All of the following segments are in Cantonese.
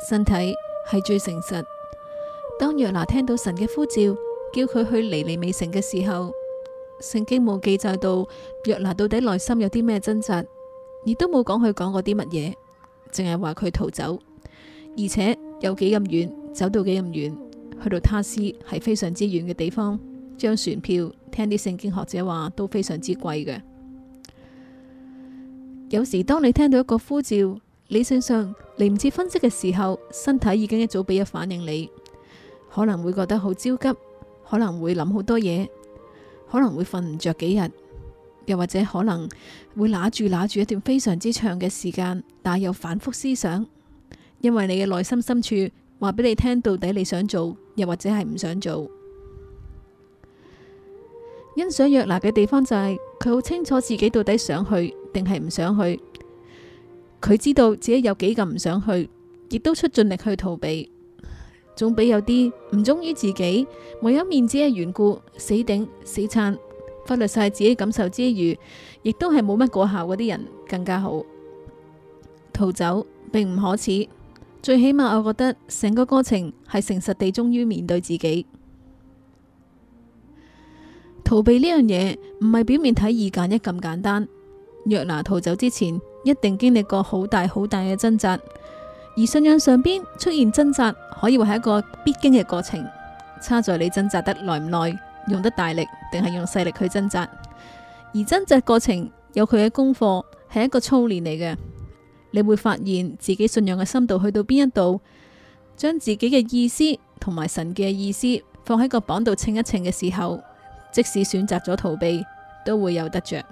身體係最誠實。當約拿聽到神嘅呼召，叫佢去尼尼微城嘅時候，聖經冇記載到約拿到底內心有啲咩掙扎，亦都冇講佢講過啲乜嘢，淨係話佢逃走，而且有幾咁遠，走到幾咁遠，去到他斯係非常之遠嘅地方，張船票聽啲聖經學者話都非常之貴嘅。有時當你聽到一個呼召。理性上嚟唔切分析嘅時候，身體已經一早俾咗反應你，可能會覺得好焦急，可能會諗好多嘢，可能會瞓唔着幾日，又或者可能會拿住拿住一段非常之長嘅時間，但又反覆思想，因為你嘅內心深處話俾你聽，到底你想做，又或者係唔想做。欣賞約拿嘅地方就係佢好清楚自己到底想去定係唔想去。佢知道自己有幾咁唔想去，亦都出盡力去逃避，總比有啲唔忠於自己、唯有面子嘅緣故死頂死撐忽略晒自己感受之餘，亦都係冇乜果效嗰啲人更加好。逃走並唔可恥，最起碼我覺得成個過程係誠實地忠於面對自己。逃避呢樣嘢唔係表面睇二揀一咁簡單，若拿逃走之前，一定經歷過好大好大嘅掙扎，而信仰上邊出現掙扎，可以話係一個必經嘅過程。差在你掙扎得耐唔耐，用得大力定係用細力去掙扎。而掙扎過程有佢嘅功課，係一個操練嚟嘅。你會發現自己信仰嘅深度去到邊一度，將自己嘅意思同埋神嘅意思放喺個榜度稱一稱嘅時候，即使選擇咗逃避，都會有得着。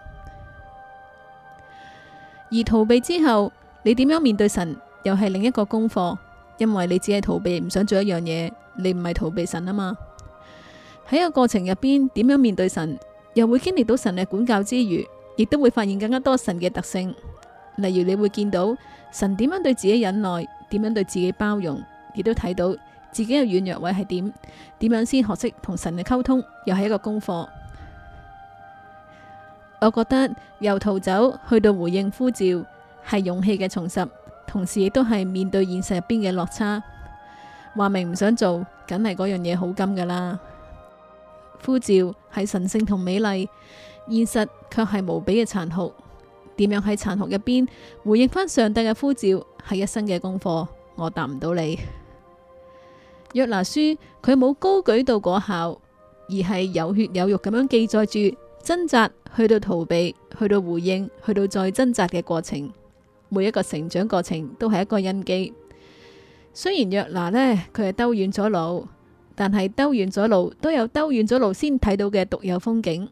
而逃避之後，你點樣面對神，又係另一個功課，因為你只係逃避，唔想做一樣嘢，你唔係逃避神啊嘛。喺個過程入邊，點樣面對神，又會經歷到神嘅管教之餘，亦都會發現更加多神嘅特性，例如你會見到神點樣對自己忍耐，點樣對自己包容，亦都睇到自己嘅軟弱位係點，點樣先學識同神嘅溝通，又係一個功課。我覺得由逃走去到回應呼召，係勇氣嘅重拾，同時亦都係面對現實入邊嘅落差。話明唔想做，梗係嗰樣嘢好金噶啦。呼召係神聖同美麗，現實卻係無比嘅殘酷。點樣喺殘酷入邊回應翻上帝嘅呼召，係一生嘅功課。我答唔到你。約拿書佢冇高舉到嗰效，而係有血有肉咁樣記載住。掙扎，去到逃避，去到回應，去到再掙扎嘅過程，每一個成長過程都係一個印記。雖然約拿呢，佢係兜遠咗路，但係兜遠咗路都有兜遠咗路先睇到嘅獨有風景。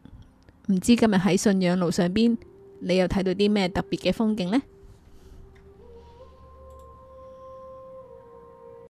唔知今日喺信仰路上邊，你又睇到啲咩特別嘅風景呢？